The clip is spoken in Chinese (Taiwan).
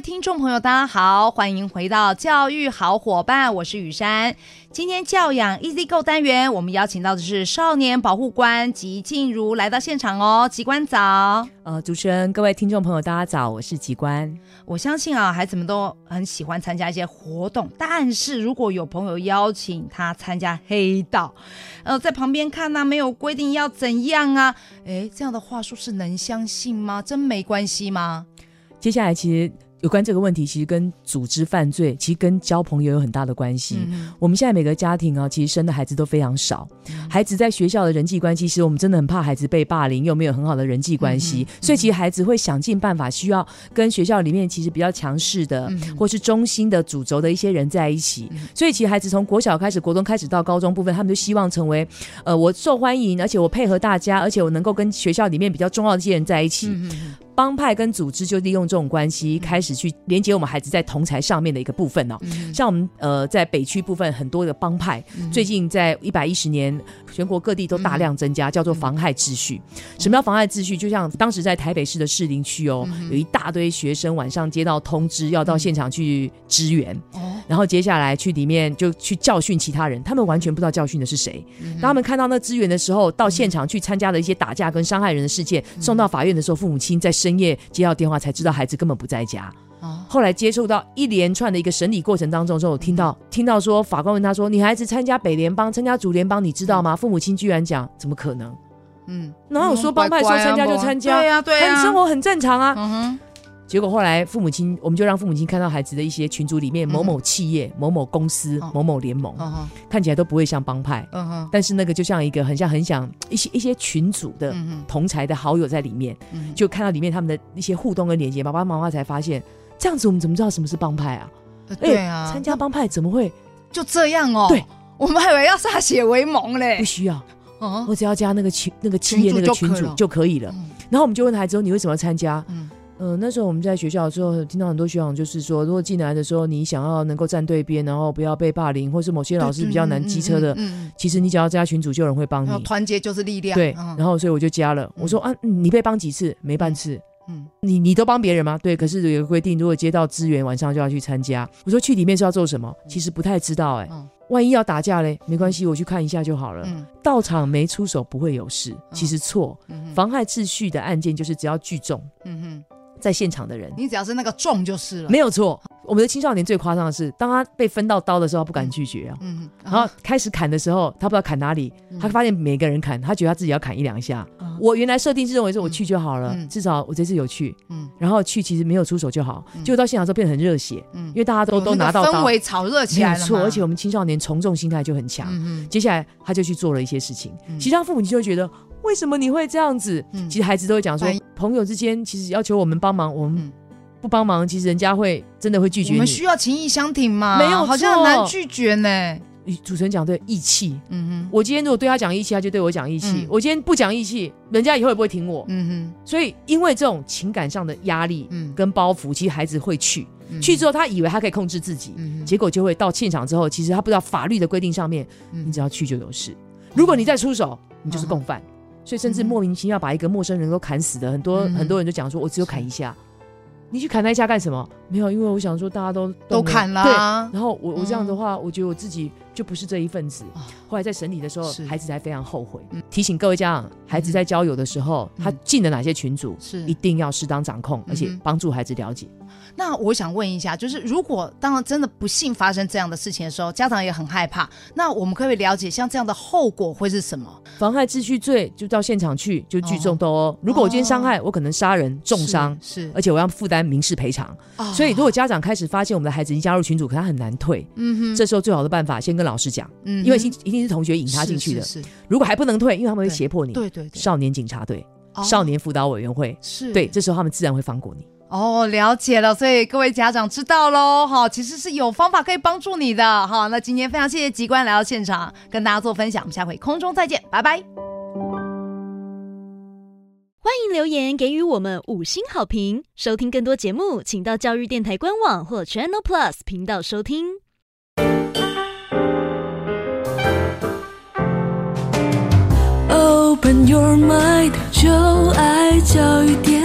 聽眾朋友，大家好，歡迎回到教育好夥伴，我是雨珊。今天教養 Easy Go 單元，我們邀請到的是少年保護官吉靜茹來到現場哦。吉官早，呃，主持人，各位聽眾朋友，大家早，我是吉官。我相信啊，孩子們都很喜歡參加一些活動，但是如果有朋友邀請他參加黑道，呃，在旁邊看呢、啊，沒有規定要怎樣啊？誒，這樣的話術是能相信嗎？真沒關係嗎？接下來其實。有關這個問題，其實跟組織犯罪，其實跟交朋友有很大的關係。嗯、我們現在每個家庭啊，其實生的孩子都非常少，嗯、孩子在學校的人際關係，其實我們真的很怕孩子被霸凌，又沒有很好的人際關係，嗯嗯、所以其實孩子會想盡辦法，需要跟學校裡面其實比較強勢的，嗯、哼或是中心的主軸的一些人在一起。嗯、哼所以其實孩子從國小開始，國中開始到高中部分，他們就希望成為，呃，我受歡迎，而且我配合大家，而且我能夠跟學校裡面比較重要的一些人在一起。嗯幫派跟組織就利用這種關係，開始去連接我們孩子在同儕上面的一個部分哦、啊。像我們呃，在北區部分很多的幫派，最近在一百一十年全國各地都大量增加，叫做妨害秩序。什麼叫妨害秩序？就像當時在台北市的士林區哦，有一大堆學生晚上接到通知，要到現場去支援。然後接下來去裡面就去教訓其他人，他們完全不知道教訓的是誰。當他們看到那資源的時候，到現場去參加了一些打架跟傷害人的事件。送到法院的時候，父母親在深夜接到電話才知道孩子根本不在家。哦。後來接觸到一連串的一個審理過程當中之後，聽到聽到說法官問他說：“你孩子參加北聯幫、參加竹聯幫，你知道嗎？”父母親居然講：“怎麼可能？嗯，哪有說幫派說參加就參加？對呀，對呀，生活很正常啊。”嗯哼。結果後來，父母親我們就讓父母親看到孩子的一些群組裡面，某某企業、某某公司、某某聯盟，看起來都不會像幫派。但是那個就像一個很像很想一些一些群組的同儕的好友在裡面，就看到裡面他們的一些互動跟連接。爸爸媽媽才發現，這樣子我們怎麼知道什麼是幫派啊？對啊，參加幫派怎麼會就這樣哦？對，我們還以為要歃血為盟嘞。不需要，我只要加那個那個企業那個群組就可以了。然後我們就問他之後，你為什麼要參加？嗯，那時候我們在學校的時候，聽到很多學長就是說，如果進來的時候你想要能夠站對邊，然後不要被霸凌，或是某些老師比較難機車的，其實你只要加群組，就有人會幫你。團結就是力量。對，然後所以我就加了。我說啊，你被幫幾次？沒半次。嗯，你你都幫別人嗎？對。可是有個規定，如果接到支援，晚上就要去參加。我說去裡面是要做什麼？其實不太知道哎。萬一要打架嘞，沒關係，我去看一下就好了。到場沒出手不會有事。其實錯，妨害秩序的案件就是只要聚眾。嗯。在現場的人，你只要是那個眾就是了。沒有錯，我們的青少年最誇張的是，當他被分到刀的時候，他不敢拒絕啊。嗯。然後開始砍的時候，他不知道砍哪裡，他發現每個人砍，他覺得他自己要砍一兩下。我原來設定是認為說，我去就好了，至少我這次有去。嗯。然後去其實沒有出手就好，結果到現場之後變得很熱血，因為大家都都拿到刀，氛圍炒熱起來。沒錯，而且我們青少年從眾心態就很強。嗯嗯。接下來他就去做了一些事情，其實他父母就會覺得。為什麼你會這樣子？其實孩子都會講說，朋友之間其實要求我們幫忙，我們不幫忙，其實人家會真的會拒絕你。我們需要情義相挺嗎？沒有，好像很難拒絕呢。主持人講對義氣，嗯哼，我今天如果對他講義氣，他就對我講義氣；我今天不講義氣，人家以後也不會挺我。嗯哼，所以因為這種情感上的壓力，嗯，跟包袱，其實孩子會去，去之後他以為他可以控制自己，結果就會到現場之後，其實他不知道法律的規定上面，你只要去就有事，如果你再出手，你就是共犯。所以甚至莫名其妙把一個陌生人都砍死的。很多很多人就講說：“我只有砍一下，你去砍他一下幹什麼？”沒有，因為我想說大家都都砍了。對，然後我我這樣的話，我覺得我自己就不是這一份子。後來在審理的時候，孩子才非常後悔。提醒各位家長，孩子在交友的時候，他進了哪些群組，是一定要適當掌控，而且幫助孩子了解。那我想問一下，就是如果當然真的不幸發生這樣的事情的時候，家長也很害怕。那我們可不可以了解像這樣的後果會是什麼？妨害秩序罪就到現場去，就聚眾鬥毆。如果我今天傷害，我可能殺人、重傷，是，而且我要負擔民事賠償。所以如果家長開始發現我們的孩子已經加入群組，可他很難退。嗯哼，這時候最好的辦法先跟老師講，嗯，因為一定一定是同學引他進去的。是，如果還不能退，因為他們會脅迫你。對對對。少年警察隊、少年輔導委員會，是，對，這時候他們自然會放過你。哦，了解了，所以各位家長知道嘍，哈，其實是有方法可以幫助你的，好，那今天非常謝謝吉官來到現場，跟大家做分享，我們下回空中再見，拜拜。歡迎留言給予我們五星好評，收聽更多節目，請到教育電台官網或 Channel Plus 頻道收聽。Open your mind，就愛教育電台。